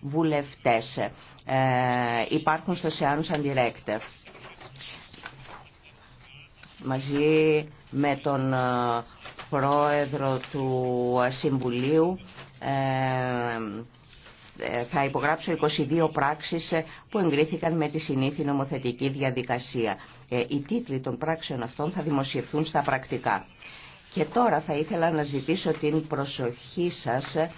βουλευτές. Ε, υπάρχουν στο Seanus Undirected. Μαζί με τον ε, πρόεδρο του Συμβουλίου ε, θα υπογράψω 22 πράξεις που εγκρίθηκαν με τη συνήθη νομοθετική διαδικασία. Οι τίτλοι των πράξεων αυτών θα δημοσιευθούν στα πρακτικά. Και τώρα θα ήθελα να ζητήσω την προσοχή σας